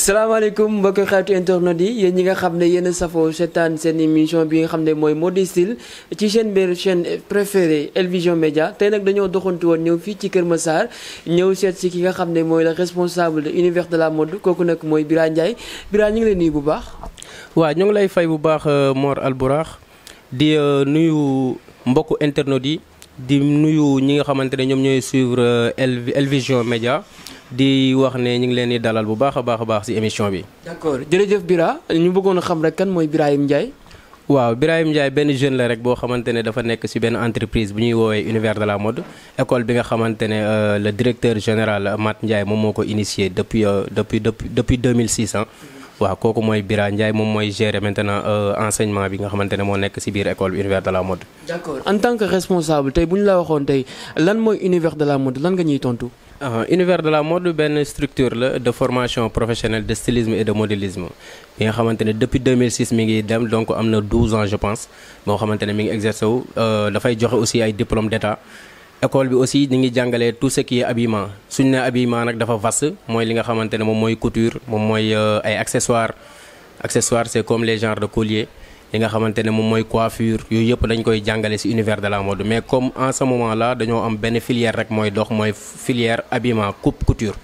salaamaaleykum mbokki xeetu internet yi yéen ñi nga xam ne yéen a safoo seetaan seen émission bi nga xam ne mooy Modi Style ci chaîne bi chaîne préférée El Vision Média tey nag dañoo doxantu woon ñëw fii ci Kër Massar ñëw seet si ki nga xam ne mooy le responsable de l'univers de la mode kooku nag mooy Bira Ndiaye Bira ñu ngi lay nuyu bu baax. waa ñu ngi lay fay bu baax euh, Mor Alburax di euh, nuyu mbokk internet yi di nuyu ñi nga xamante ne ñoom ñooy suivre euh, El Vision Média. di a baax d'accord Bira ñu xam rek kan waaw jeune la rek dafa entreprise bu ñuy univers de la mode école bi nga euh, le directeur général Mat Ndiaye initié euh, depuis depuis depuis depuis 2006 hein waaw kooku mooy Bira Ndiaye moom mooy gérer maintenant euh, enseignement bi nga xamante ne moo nekk ci biir école univers de la mode. d'accord en tant que responsable tey bu ñu la waxoon tey lan mooy univers de la mode lan nga ñuy tontu. Euh, univers de la mode benn structure la de formation professionnelle de stylisme et de modélisme bi nga xamante ne depuis 2006 mi ngi dem donc am na 12 ans je pense boo xamante ne mi ngi exercer wu euh, dafay joxe aussi ay diplôme d'état école bi aussi ñu ngi jàngalee tout ce qui est habillement suñu ne habillement nag dafa vaste mooy li nga xamante ne moom mooy couture moom mooy euh, ay accessoires accessoires c'est comme les genres de collier li nga xamante ne moom mooy coiffure yooyu yëpp dañ koy jàngale ci univers de la mode mais comme en ce moment là dañoo am benn filière rek mooy dox mooy filière habillement coupe couture.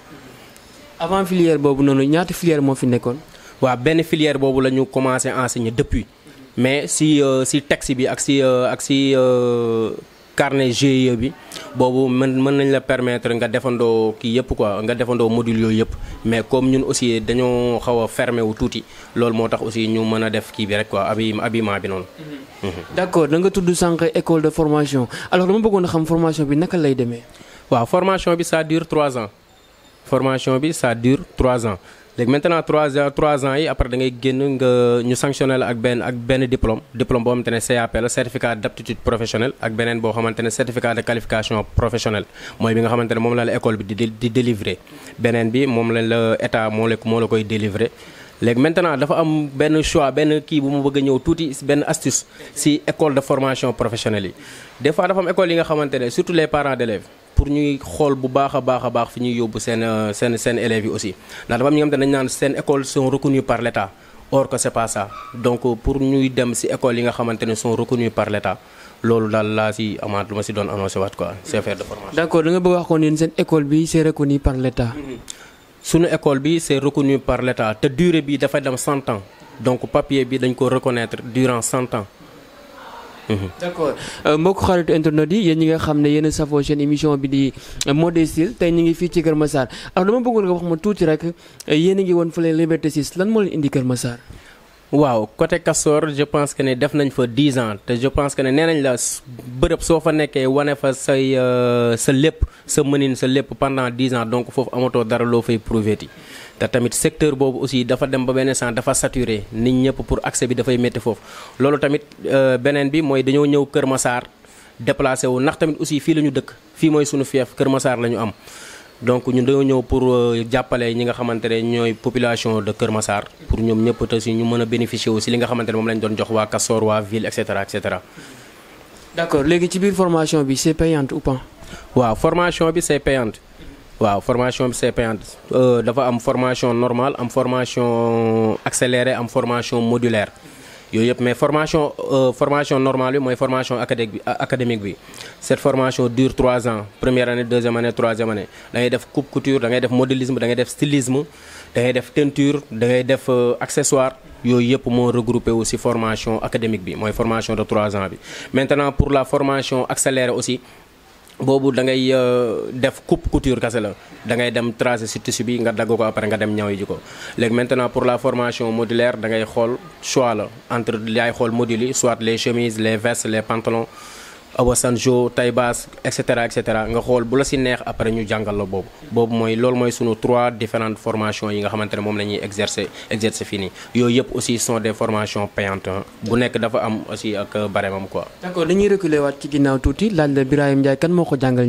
avant filière boobu noonu ñaata filière moo fi nekkoon. waaw benn filière boobu la ñu commencé enseigner depuis mais si euh, si texte bi ak euh, ak carnet GIE bi bobu mën nañ la permettre nga defandoo ki yëpp quoi nga defandoo module yooyu mais comme ñun aussi dañoo xawa a fermé wu tuuti loolu moo aussi ñu mëna a def ki bi rek quoi abi abima bi non mhm. mhm. d'accord da nga tuddu sank école de formation alors dama bëggone xam formation bi naka lay démé wa formation bi ça dure trois ans formation bi ça dure trois ans léegi maintenant trois ans trois ans yi après da ngay génn nga ñu sanctionné la ak benn ak benn diplôme diplôme boo xamante CAP la certificat d'aptitude professionnelle ak beneen boo xamante certificat de qualification professionnelle mooy bi nga xamante ne moom la la école bi di di délivrer beneen bi moom la la état moo la moo la koy délivrer léegi maintenant dafa am benn choix benn kii bu mu bëgg a ñëw tuuti benn astuce si école de formation professionnelle yi des fois dafa am école yi nga xamante surtout les parents d'élèves pour nous, xol bu baax a baax fi ñuy sen euh, sen élèves aussi ndax dafa am ñi nga xam dañ sen école sont reconnues par l'État. or que n'est pas ça donc euh, pour nous, dem écoles école yi nga xamantene sont reconnues par l'État. lolu dal la ci amad luma ci don annoncer wat quoi c'est faire de formation. d'accord da nga bëgg wax ko ne sen école bi c'est par l'État. Mm-hmm. suñu école bi c'est par l'État. te durée bi dafa dem 100 ans donc papier bi dañ ko reconnaître durant 100 ans. Mhm. d' accord euh, mbokk xaritu internet yi yéen ñi nga xam ne yéen a safoo seen émission bi di mode style tey ñu ngi fii ci Kër Massar alors dama bëggoon nga wax ma tuuti rek yéen a ngi woon fële Liberté 6 lan moo leen indi Kër Massar. waaw côté Castor je pense que ne def nañ fa dix ans te je pense que ne nee nañ la bërëb soo fa nekkee wane fa say euh, sa lépp sa mënin sa lépp pendant dix ans donc foofu amatoo dara loo fay prouvé ti te tamit secteur bobu aussi dafa dem ba beneen sens dafa saturer nit ñepp pour accès bi da fay metti fofu lolu tamit euh, benen bi moy dañu ñëw keur Massar déplacer wu nak tamit aussi fi lañu dëkk fi moy suñu fief keur Massar lañu am donc ñun dañu ñëw pour euh, jappalé ñi nga xamantene ñoy population de keur Massar pour ñom ñepp te si ñu mëna a bénéficier aussi li nga xamantene mom lañ doon jox wa Castor wa ville etc etc d'accord légui ci biir formation bi c'est payante ou pas. wa formation bi c'est payante waaw formation bi CP euh, dafa formation normale am formation accélérée am formation modulaire mais formation euh, formation normale bi formation académique euh, cette formation dure trois ans première année deuxième année troisième année da ngay def coupe couture da ngay def modélisme da ngay def stylisme da ngay def teinture da ngay def accessoire aussi formation académique bi formation de trois ans maintenant pour la formation accélérée aussi bobu da ngay euh, def coupe couture kase la da ngay dem tracer ci tissu bi nga dagg ko après nga dem ñaw yi ko léegi maintenant pour la formation modulaire da ngay xol choix la entre lay xol module soit les chemises les vestes les pantalons Obasanjo Taïbas et cetera et cetera nga xol bu la si neex après ñu jangal la boobu. boobu moy lool moy sunu trois différentes formations yi nga xamantene mom lañuy exercer exercer fini. Yo yep aussi sont des formations payantes hein. bu nek dafa am aussi ak baremam quoi. d'accord dañuy reculer wat ci ginnaw touti laaj la Birahim Ndiaye kan moko ko jàngal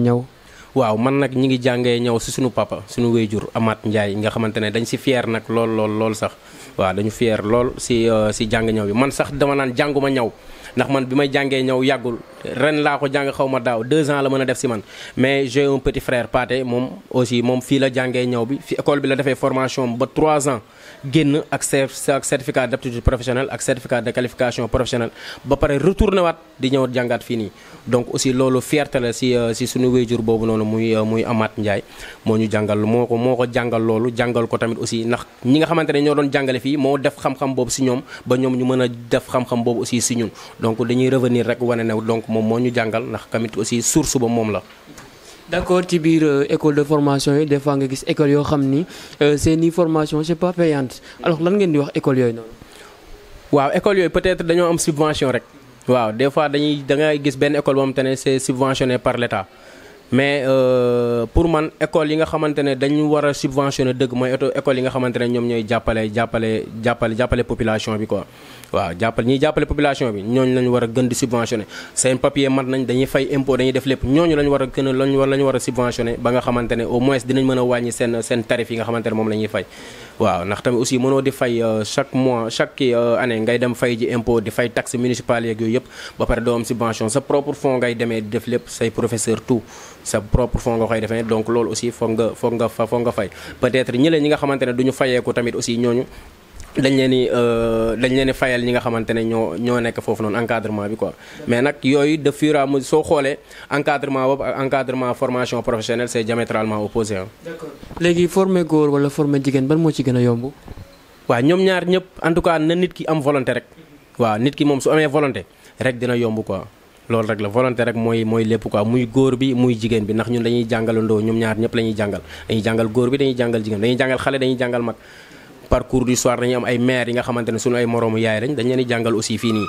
waaw man nak ñi ngi jàngee ñëw ci suñu papa suñu wéyjur Amath ndjay nga xamantene dañ ci fier nak lool lool lool sax waaw dañu fier lool si euh, si jang ñëw bi man sax dama naan jànguma ñëw ndax man bi may jàngee ñëw yàggul ren laa ko jàng xaw ma daaw deux ans la mën a def si man mais j'ai un petit frère Pathé moom aussi moom fii la jàngee ñëw bi fi école bi la defee formation ba trois ans génn ak ak certificat d'aptitude professionnelle ak certificat de qualification professionnelle ba pare retourné waat di ñëw jàngaat fii nii donc aussi loolu fierté la si euh, si suñu wéyjur boobu noonu muy euh, muy Amath Ndiaye moo ñu jàngal moo ko moo ko jàngal loolu jàngal ko tamit aussi ndax ñi nga xamante ne ñoo doon jàngale fii moo def xam-xam boobu si ñoom ba ñoom ñu mën a def xam-xam boobu aussi si ñun donc dañuy revenir rek wane ne donc moom moo ñu jàngal ndax tamit aussi source ba moom la d'accord tu biir euh, école de formation des fois nga gis école yo xamni ni euh, seen i formation c'est pas payante alors lan ngeen di wax école yoy non waaw école yoy peut-être dañoo am subvention rek. waaw des fois dañuy da nga gis ben école boo tane c'est subventionné par l'État mais euh, pour man école yi nga xamantene dañu wara subventionné dëgg mooy école yi nga xamantene ñom ñoy jappalé jappalé jappalé jappalé population bi quoi waaw jàppale ñiy jàppale population bi ñooñu lañu war a gën di subventionné seen papier mat nañ dañuy fay impôt dañuy def lépp ñooñu lañu war a gën a lañu war lañu war a subventionné ba nga xamante ne au moins dinañ mën a wàññi seen seen tarif yi nga xamante ne moom la ñuy fay waaw ndax tamit aussi mënoo di fay euh, chaque mois chaque euh, année ngay dem fay ji impôt di fay taxe municipale yeeg yooyu yëpp ba pare doo am subvention sa propre fonds ngay demee di def lépp say professeur tout sa propre fonds nga koy defee donc loolu aussi foog nga foog nga foog nga fay peut-être ñi leen ñi nga xamante ne duñu fayeeku tamit aussi ñooñu dañ leen ni euh, dañ leen fayal ñi nga xamante ne ñoo ñoo nekk foofu noonu encadrement bi quoi mais nag yooyu de fur et soo xoolee encadrement boobu ak encadrement formation professionnelle c'est diamétralement opposé ah. d'accord léegi former góor wala former jigéen ban moo ci gën a yomb. waa ñoom ñaar ñëpp en tout cas na nit ki am volonté rek. waaw nit ki moom su amee volonté rek dina yomb quoi loolu rek la volonté rek mooy mooy lépp quoi muy góor bi muy jigéen bi ndax ñun dañuy jàngalandoo ñoom ñaar ñëpp la ñuy jàngal dañuy jàngal góor bi dañuy jàngal jigéen dañuy jàngal xale dañuy jàngal mag. parcours du soir dañuy am ay maire yi nga xamante ne suñu ay moroomu yaay lañ dañ leen di jàngal aussi fii nii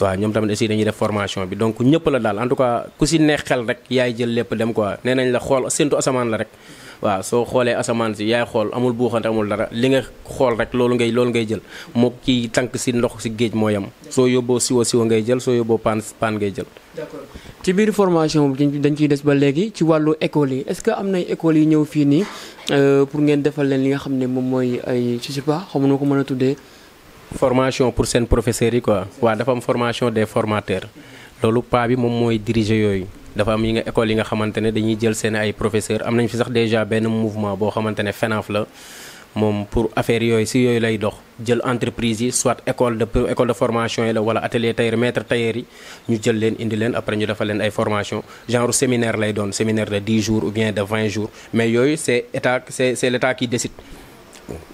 waaw ñoom tamit aussi dañuy def formation bi donc ñëpp la daal en tout cas ku si neex xel rek yaay jël lépp dem ko nee nañ la xool séntu asamaan la rek waaw soo xoolee asamaan si yaay xool amul buuxante amul dara li nga xool rek loolu ngay loolu ngay jël moo kii tànk si ndox si géej moo yem soo yóbboo siwo siwo ngay jël soo yóbboo pan pan ngay jël ci biir formation bi dañ ciy des ba léegi ci wàllu école yi est-ce que am nay école yi ñëw fii nii euh, pour ngeen defal leen li nga xam ne moom mooy ay je sais pas xamu ko mën a tuddee formation pour seen professeurs yi quoi waaw dafa am formation des formateurs loolu paa bi moom mooy diriger yooyu dafa am yi nga école yi nga xamante ne dañuy jël seen ay professeurs am nañ fi sax déjà benn mouvement boo xamante ne FENAF la moom pour affaire yooyu si yooyu lay dox jël entreprise yi soit école de école de formation yi la wala atelier tailleur maître tailleur yi ñu jël leen indi leen après ñu defal leen ay formation genre séminaire lay doon séminaire de 10 jours ou bien de 20 jours mais yooyu c'est état c'est c'est l'état qui décide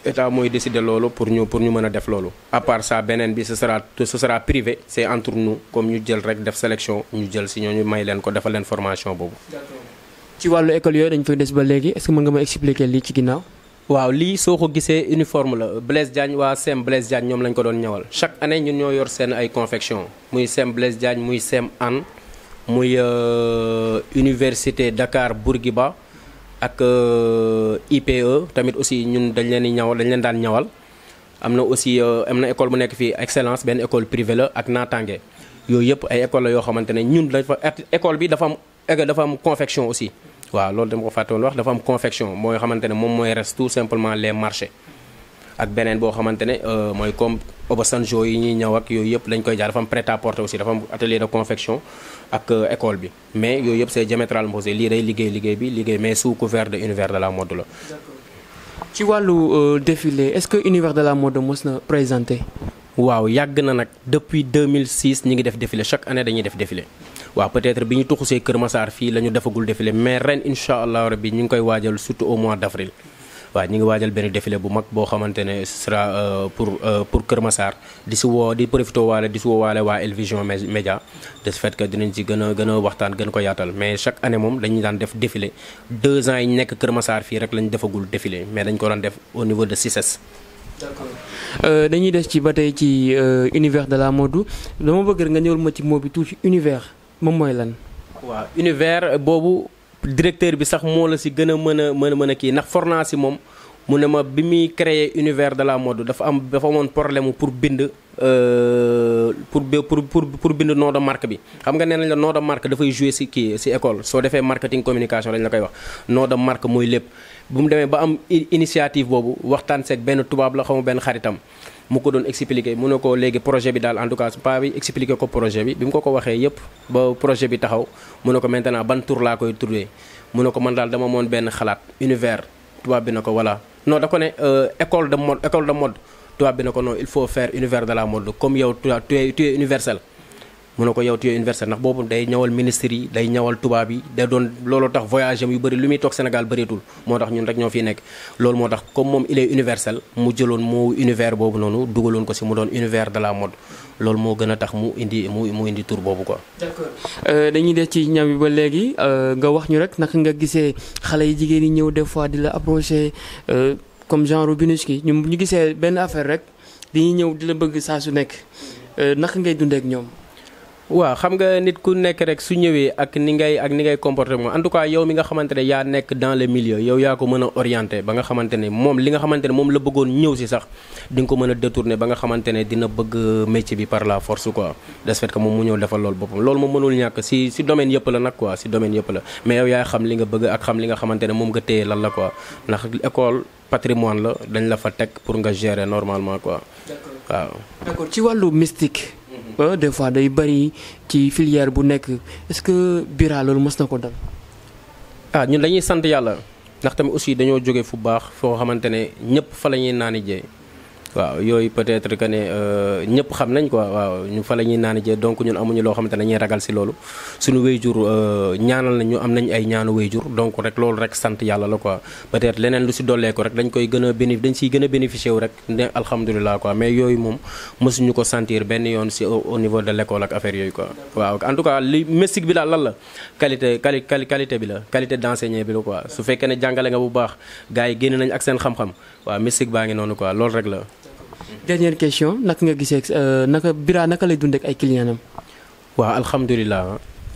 état mooy décidé loolu pour ñu pour ñu mën a def loolu à part ça beneen bi ce sera ce sera privé c'est entre nous comme ñu jël rek def sélection ñu jël si ñooñu may leen ko defal leen formation Tu ci wàllu école yooyu dañ fay des ba est ce que mën nga ma expliquer lii ci ginnaaw. waaw li soko ko uniforme la Blaise Diagne wa Sem Blaise Diagne ñom lañ ko doon ñëwal chaque année ñun ñoo yor sen ay confection muy Sem Blaise Diagne muy Sem An muy euh, université Dakar Bourguiba. ak euh, IPE tamit aussi ñun dañ leen di ñawal dañ leen daan ñawal am na aussi euh, am na école bu nekk fii excellence benn école privée la ak naataange yooyu yëpp ay école la yoo xamante ne ñun dafa école bi dafa am dafa am confection aussi waaw loolu dama ko fàtte woon wax dafa am confection mooy xamante ne moom mooy res tout simplement les marchés ak benen bo xamantene euh moy comme Obasanjo yi ñi ñëw ak yooyu yëpp lañ koy jaar dafa am prêt à porter aussi dafa am atelier de confection ak euh, école bi mais yooyu yëpp c'est diamétralement opposé li day liggéey liggéey bi liggéey mais sous couvert de univers de la mode la. ci walu euh, défilé est-ce que univers de la mode mos na présenté. waaw yag na nak depuis 2006 ñi ngi def défilé chaque année dañuy def défilé waaw peut-être biñu ñu tuxusee Kër Massar fi lañu defagul défilé mais ren inshallah allah rabbi ñu ngi koy wajal surtout au mois d'avril. waaw ñi ngi waajal benn défilé bu mag boo xamante ne ce sera euh, pour euh, pour Kër Massar di si woo di profité waale di si woo waa El Média de ce fait que si gën a waxtaan gën ko yaatal mais chaque année moom dañuy daan def défilé deux ans yi nekk Kër Massar fii rek lañ defagul défilé mais dañ ko daan def au niveau de CICES. E d'accord euh, dañuy des ci ba tey ci univers de la mode dama bëgg nga ñëwal ma ci moo bi tuuti univers moom mooy lan. waaw univers boobu. directeur bi sax moo la si gën a mën a mën a mën a kii ndax forna si moom mu ne ma bi muy créer univers de la mode dafa am dafa amoon problème pour bind euh, pour pour pour bind nom de bi xam nga nee nañ la nom de marque dafay jouer si kii ci école soo defee marketing communication lañ la koy wax nom de mooy lépp bu mu demee ba am initiative boobu waxtaan seeg benn tubaab la xamu benn xaritam mu ko doon expliqué mu ne ko léegi projet bi daal en tout cas paa bi expliqué ko projet bi bi mu ko ko waxee yëpp ba projet bi taxaw mu ne ko maintenant ban tur laa koy tuddee mu ne ko man daal dama moon benn xalaat univers tubaab bi na ko voilà non da ko ne euh, école de mode école de mode tubaab bi na ko non il faut faire univers de la mode comme yow tu es universel mu ne ko yow tu es universel ndax boobu day ñawal ministre yi day ñawal tubaab yi day doon looloo tax voyage yu bëri lu muy toog Sénégal bëreetul moo tax ñun rek ñoo fi nekk loolu moo tax comme moom il est mu jëloon moo univers boobu noonu dugaloon ko si mu doon univers de la mode gën a tax mu indi mu mu indi tur boobu quoi. d'accord euh, dañuy des ci ñaw bi ba léegi euh, nga wax ñu rek naka nga gisee xale yi jigéen yi ñëw des fois di la approché euh, comme genre Binuski ñu ñu gisee benn affaire rek dañuy ñëw di la bëgg saa su nekk naka ngay dundeek ak ñoom. waaw xam nga nit ku nekk rek su ñëwee ak ni ngay ak ni ngay comporté moom en tout cas yow mi nga xamante ne yaa nekk dans le milieu yow yaa ko mën a orienté ba nga xamante ne moom li nga xamante ne moom la bëggoon ñëw si sax di nga ko a détourné ba nga la ndax école patrimoine la dañ la fa teg pour nga gérer normalement quoi waaw d'accord ci wàllu mystique des fois day bëri ci filière bu nekk est-ce que Bira loolu mës na ko dal. ah ñun dañuy sant yàlla ndax tamit aussi dañoo jóge fu baax foo xamante ne ñëpp fa la ñuy naani jee waaw yooyu peut être que ne euh, ñëpp xam nañ quoi waaw ñu fa la ñuy naan jee donc ñun amuñu loo xamante dañuy ragal si loolu suñu wayjur euh, ñaanal nañ ñu am nañ ay ñaanu wayjur donc rek loolu rek sant yàlla la quoi peut être leneen lu si dollee ko rek dañ koy gën a dañ siy gën a bénéficié wu rek ne alhamdulilah quoi mais yooyu moom mësuñu ko sentir benn yoon si au niveau de l' école ak affaire yooyu quoi waaw en tout cas li mesik bi daal lan la qualité qualité qualité bi la qualité d' enseignant bi la quoi su fekkee ne jàngale nga bu baax gars yi nañ ak seen xam-xam waaw baa ngi quoi loolu rek la dernière question naka nga gisee euh, naka Bira naka lay dundee ak ay clients am. waaw alhamdulilah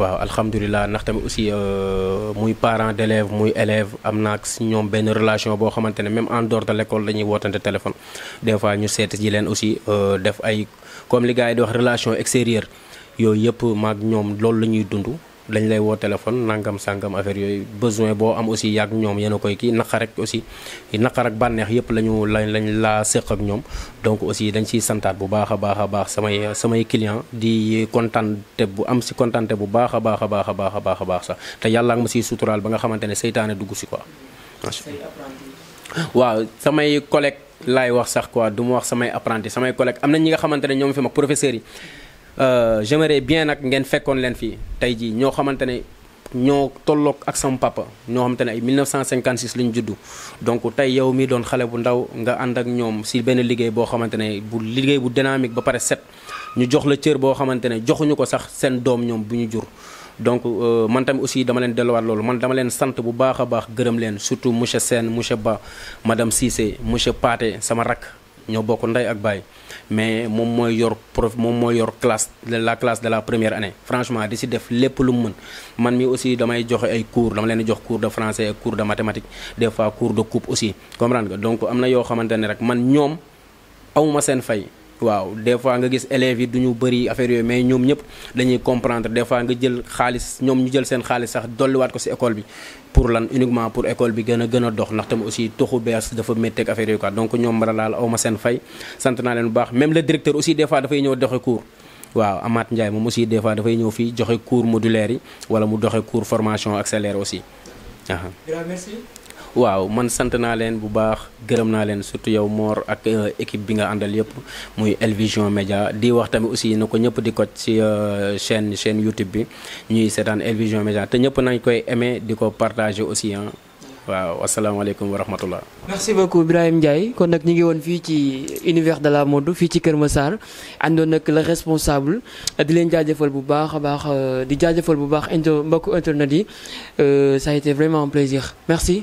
waaw alhamdulilah ndax tamit aussi euh, muy parent d'élèves muy élève am naa ak si ñoom benn relation boo xamante ne même en dehors de l' école dañuy wootante téléphone des fois ñu seet ji leen aussi euh, def ay comme li gars yi di wax relation extérieure yooyu yëpp maag ñoom loolu la ñuy dund. dañ lay woo téléphone nangam sangam affaire yooyu besoin boo am aussi yàgg ñoom yéen koy kii naqar rek aussi naqar ak bànneex yëpp lañu lañ lañ laa séq ak ñoom donc aussi dañ ciy santaat bu baax a baax a baax samay samay client di kontante bu am si kontante bu baax a baax a baax a baax a baax a baax sax te yàlla ak ma siy suturaal ba nga xamante ne seytaane dugg si quoi waaw samay collègue laay wax sax quoi du ma wax samay apprenti samay collègue am na ñi nga xamante ne ñoom fi mag yi Euh, j'aimerais bien que ngeen fekkone len fi tey jii ñoo ak papa ño 1956 la juddou donc tay yow mi don xalé bu ndaw nga ànd ak ñoom si ben bo boo bu liguey bu dynamique ba par set ñu jox la cieur bo joxuñu donc euh, man aussi dama len delluwaat loolu man dama len sant bu baakha baax surtout monsieur Sen, monsieur Ba madame Cissé monsieur Paté sama ñoo bokk nday ak bay mais mom moy yor prof mom moy yor classe la classe de la première année franchement di si def lepp lu mën man mi aussi damay joxe ay cours dama leen di jox cours de français cours de mathématiques des fois cours de coupe aussi comprendre nga donc amna yo yoo rek man ñoom awuma seen fay waaw des fois nga gis élèves yi du ñu affaire mais des fois nga jël ñu jël sax école pour lan uniquement pour école bi dox aussi toxu bees dafa affaire donc nous, mara laal fay sant même le directeur aussi des fois dafay ñëw doxe cours waaw Ndiaye moom aussi des fois dafay ñëw cours modulaire wala mu des cours formation accélérée aussi waaw man sant naa leen bu baax gërëm naa leen surtout yow Mor ak euh, équipe bi nga àndal yëpp muy Elvision Media di wax tamit aussi na ko ñëpp di ko ci euh, chaîne chaîne YouTube bi ñuy seetaan Elvision Media te ñëpp nañ koy aimé di ko partager aussi ah. waaw asalaamaaleykum wa rahmatullah. merci beaucoup Ibrahim Ndiaye kon nag ñu ngi woon fii ci univers de la mode fii ci Kër Massar àndoon nag le responsable di leen jaajëfal bu baax a baax euh, di jaajëfal bu baax inter mbokku internet yi ça a été vraiment un plaisir merci.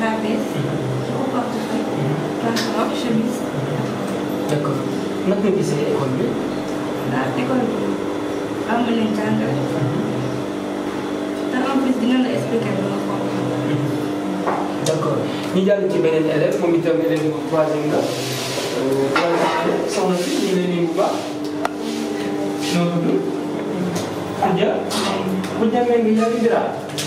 trapèze, qui comporte tout, pantalon, chemise. D'accord. naka nga gisee école bi. waaw école bi am na leen jàngal. te en plus dina la expliquer dama comprendre. d'accord ñu jàll ci beneen élève moom itam élève bu troisième la. troisième soxna si ñu ngi lay nuyu bu baax. noo tudd. Adja. bu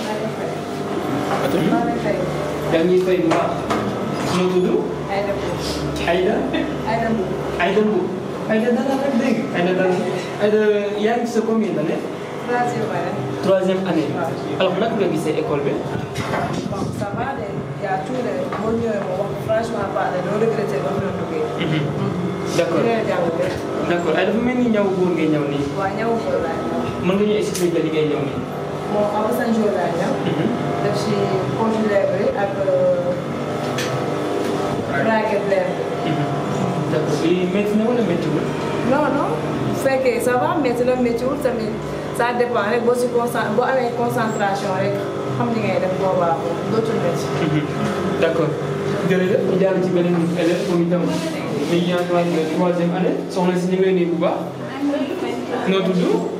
يعني في ما نودو حيدا حيدا مو حيدا aida لا aida? حيدا ده حيدا يعني سكوم يدنا Troisième année. Alors, on a combien lycée école B Bon, ça va, il y a tout le monde, franchement, pas de nos regrets, on ne regrette pas. D'accord. Iya, D'accord. Alors, vous m'avez dit que vous avez dit que vous avez dit que vous avez dit que vous avez dit que vous avez dit que vous moo xam Saint Jourdain ñëw. def si pondu lèvre yi ak braguette lèvre. d'accord lii métti na wala méttiwul. non non bu fekkee ça va métti na méttiwul tamit ça dépend rek boo si concent boo amee concentration rek xam ni ngay def boobaa ko dootul métti. Mhm. d'accord jërëjëf ñu jàll ci beneen élève moom itam mi ngi ñaan waaj la troisième année soxna si ñu ngi lay nuyu bu baax. noo tudd.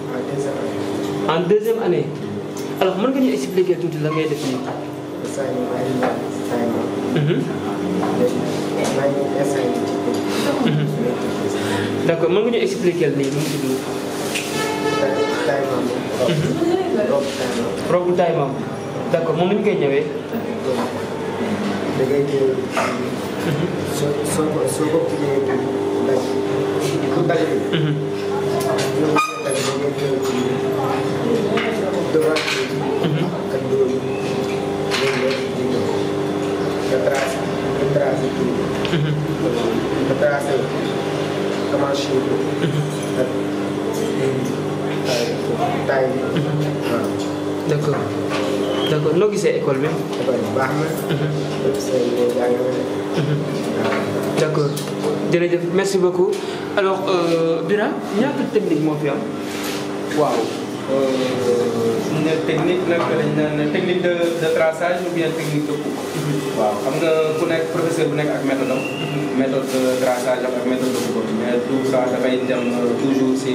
en deuxième année alors man nga ñu expliquer tuuti la ngay def nii. Mm-hmm. d' accord mën nga ñu expliquer nii nu mu tudd. robu taay maam d' accord moom ni ñu koy ñëwee. Mm-hmm. Mm-hmm. da ngay Mhm. d'accord d'accord comment école mhm. mhm. merci beaucoup alors euh, technique une technique nag dañ naan technique de de traçage ou bien technique de coupe. waaw xam nga ku nekk professeur bu nekk ak méthode am. méthode de traçage ak méthode de coupe mais tout ça da dafay dem toujours si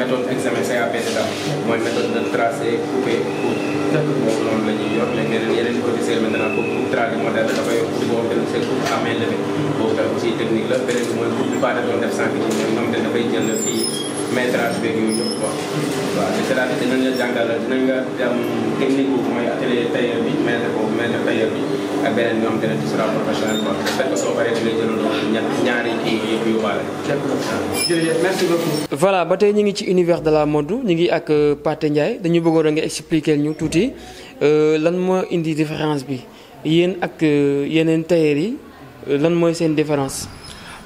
méthode examen CAPD daal mooy méthode de tracer couper coupe. moom noonu la yor léegi yeneen yeneen professeurs maintenant comme coupe tracé moderne dafa yor coupe boo xam c'est coupe à main levée boobu tam aussi technique la beneen bi coupe bi baax da doon def sànq ñoom ñoom dafay jël fii. maîtrage beeg yooyu yëpp quoi waaw littérature dinañ la jàngal dinañ nga am technique boobu mooy atelier tailleur bi maître boobu maître tailleur bi ak beneen bi nga xam te ne tu seras professionnel quoi soo paree dinañ jëlandoo ñett ñaari kii yëpp yóbbaale jërëjëf voilà ba tey ñu ngi ci univers de la mode ñu ngi ak euh, Pathé Ndiaye dañu bëggoon nga expliquer ñu tuuti euh, lan moo indi différence bi yéen ak euh, yeneen tailleur yi lan mooy seen différence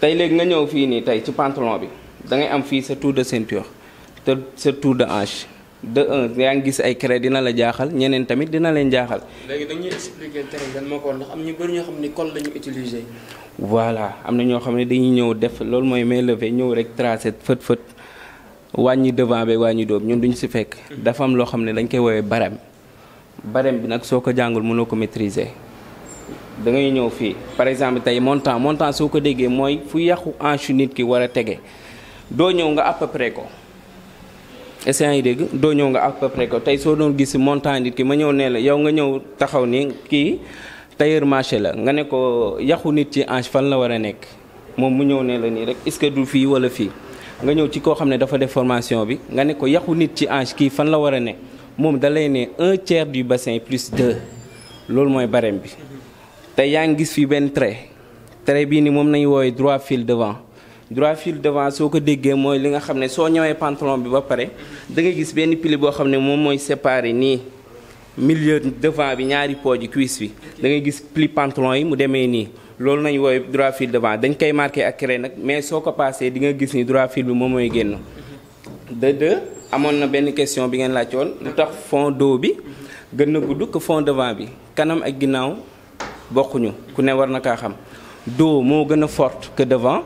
tey léegi nga ñëw fii nii tey ci pantalon bi dangay am fii sa tour de ceinture te sa tour de hanche de un yaa ngi gis ay cré dina la jaaxal ñeneen tamit dina leen jaaxal. léegi dañuy expliquer terrain ndax am ñu bëri ñoo xam ne col lañu utiliser. voilà am na ñoo xam ne dañuy ñëw def loolu mooy main levée ñëw rek tracé fët fët wàññi devant bi wàññi dóom ñun duñu si fekk. Mm-hmm. dafa am loo xam ne dañ koy woowee barème barème bi nag soo ko jàngul mënoo ko maîtriser. da ngay ñëw fii par exemple tey montant montant soo ko déggee mooy fu yàqu hanche nit ki war a tege doo ñëw nga à peu près ko est-ce dégg doo ñëw nga à peu près ko tey soo doon gis montant nit ki ma ñëw nee la yow nga ñëw taxaw ni kii tailleur marché la nga ne ko yàqu nit ci hanche fan la war a nekk moom mu ñëw nee la nii rek est-ce que du fii wala fii nga ñëw ci koo xam ne dafa def formation bi nga ne ko yàqu nit ci hanche kii fan la war a nekk moom da lay ne un tiers du bassin plus deux loolu mooy barème bi. tey yaa ngi gis fii benn trait trait bii ni moom nañu woowee droit fil devant droit fil devant soo ko déggee mooy li nga xam ne soo ñëwee pantalon bi ba pare dangay gis benn pili boo xam ne moom mooy séparé nii milieu devant bi ñaari pooji cuisse bi da ngay gis pli pantalon yi mu demee nii loolu nañu woowee droit fil devant dañ koy marqué ak craie nag mais soo ko passé di nga gis ni droit fil bi moom mooy génn de amoon na benn question bi ngeen laaj woon tax fond dos bi gën a gudd que fond devant bi kanam ak ginnaaw bokkuñu ku ne war na kaa xam do moo gën a forte que devant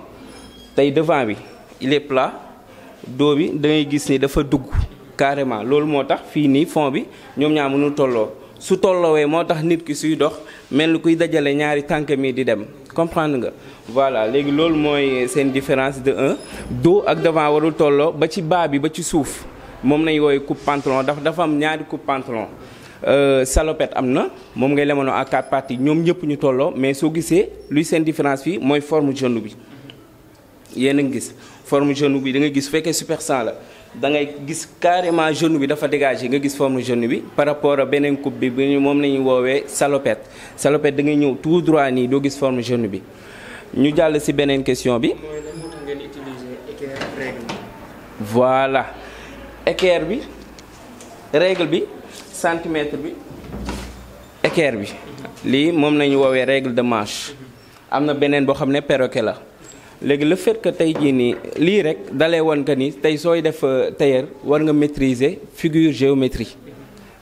tey devant bi lépp la do bi da gis ni dafa dugg carrément loolu moo tax fii nii fond bi ñoom ñaar mënul tolloo su tolloowee moo tax nit ki suy dox mel ni kuy dajale ñaari tànk mi di dem comprendre nga voilà léegi loolu mooy seen différence de un dos ak devant warul tolloo ba ci baa bi ba ci suuf moom nañ wooyu coupe pantalon dafa dafa am ñaari coupe pantalon Euh, salopette amna mom ngay lemono à quatre parties ñom ñep ñu tollo mais so gissé luy sen différence fi moy forme genou bi yéen a ngi gis forme genou bi da nga giss féké super 100 la da ngay giss carrément genou bi dafa dégager nga giss forme genou bi par rapport à benen coupe bi bi moom la ñuy salopette salopette da ngay ñew tout droit ni do giss forme genou bi ñu jall ci benen question bi. voilà équerre bi règle bi centimètre bi équerre bi li mom nañu woowee règle de Marche am na bo xamné ne perroquet la légui le fait que tey jii nii lii rek dalé won que ni tay soy def euh, tailleur war nga maîtriser figure géométrie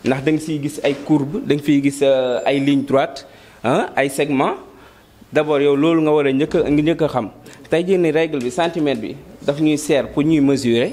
ndax da nga gis ay courbe da nga gis euh, ay ligne droite hein ay segment d'abord yow lolou nga war ñëk njëkk a xam tey jii règle bi centimètre bi daf ñuy ser, pour ñuy mesurer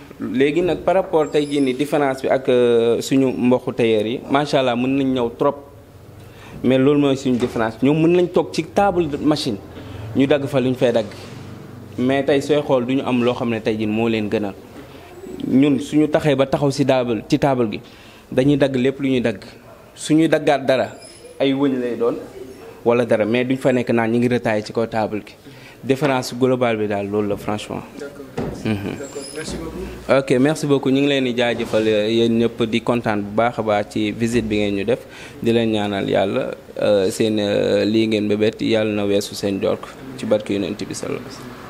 léegi nag par rapport tey jii nii différence bi ak euh, suñu mboxu tailleur yi macha allah mën nañ ñëw trop mais loolu mooy suñu différence ñoom mën nañ toog ci table machine ñu dagg fa lu ñu fay dagg mais tey sooy xool du ñu am loo xam ne tey jii moo leen gënal ñun suñu taxee ba taxaw si table ci table gi dañuy dagg lépp lu ñuy dagg suñuy daggaat dara ay wëñ lay doon wala dara mais duñ fa nekk naan ñu ngi retaay ci kaw table gi. différence globale bi dal lolou la franchement. Mhm. d'accord merci beaucoup. ok merci beaucoup ñing leen di jaajëfal euh, yéen di content bu baax ba ci visite bi ngeen ñu def di leen ñaanal euh seen euh, li ngeen bebet yalla na wessu seen jork ci barke yonent bi sallallahu